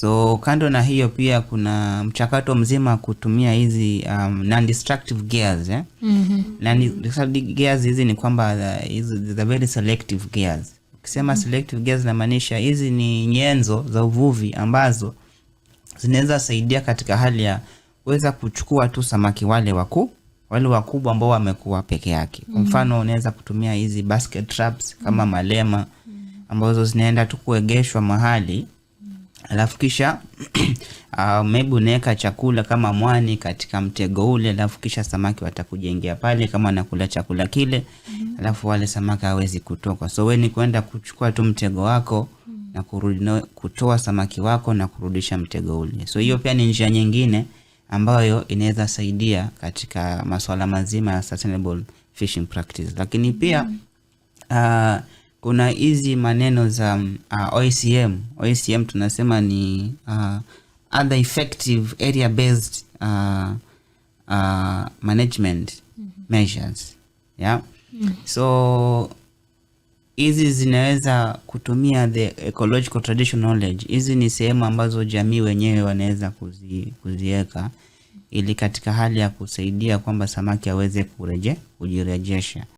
So kando na hiyo pia kuna mchakato mzima kutumia hizi um, non destructive gears eh? mm -hmm. gears hizi ni kwamba uh, hizi the, the very selective gears. Ukisema mm -hmm. selective gears inamaanisha hizi ni nyenzo za uvuvi ambazo zinaweza saidia katika hali ya kuweza kuchukua tu samaki wale wakuu wale wakubwa ambao wamekuwa peke yake. Kwa mm-hmm. mfano mm -hmm. unaweza kutumia hizi basket traps kama mm -hmm. malema mm-hmm. ambazo zinaenda tu kuegeshwa mahali alafu kisha uh, maybe unaweka chakula kama mwani katika mtego ule, alafu kisha samaki watakujengea pale kama anakula chakula kile mhm. Alafu wale samaki hawezi kutoka, so we ni kwenda kuchukua tu mtego wako mhm. na kurudi kutoa samaki wako na kurudisha mtego ule. So hiyo pia ni njia nyingine ambayo inaweza saidia katika masuala mazima ya sustainable fishing practice, lakini pia mm -hmm. uh, kuna hizi maneno za uh, OCM. OCM tunasema ni uh, other effective area based uh, uh, management mm -hmm. measures yeah mm -hmm. so hizi zinaweza kutumia the ecological traditional knowledge. Hizi ni sehemu ambazo jamii wenyewe wanaweza kuzi, kuziweka ili katika hali ya kusaidia kwamba samaki aweze kureje kujirejesha.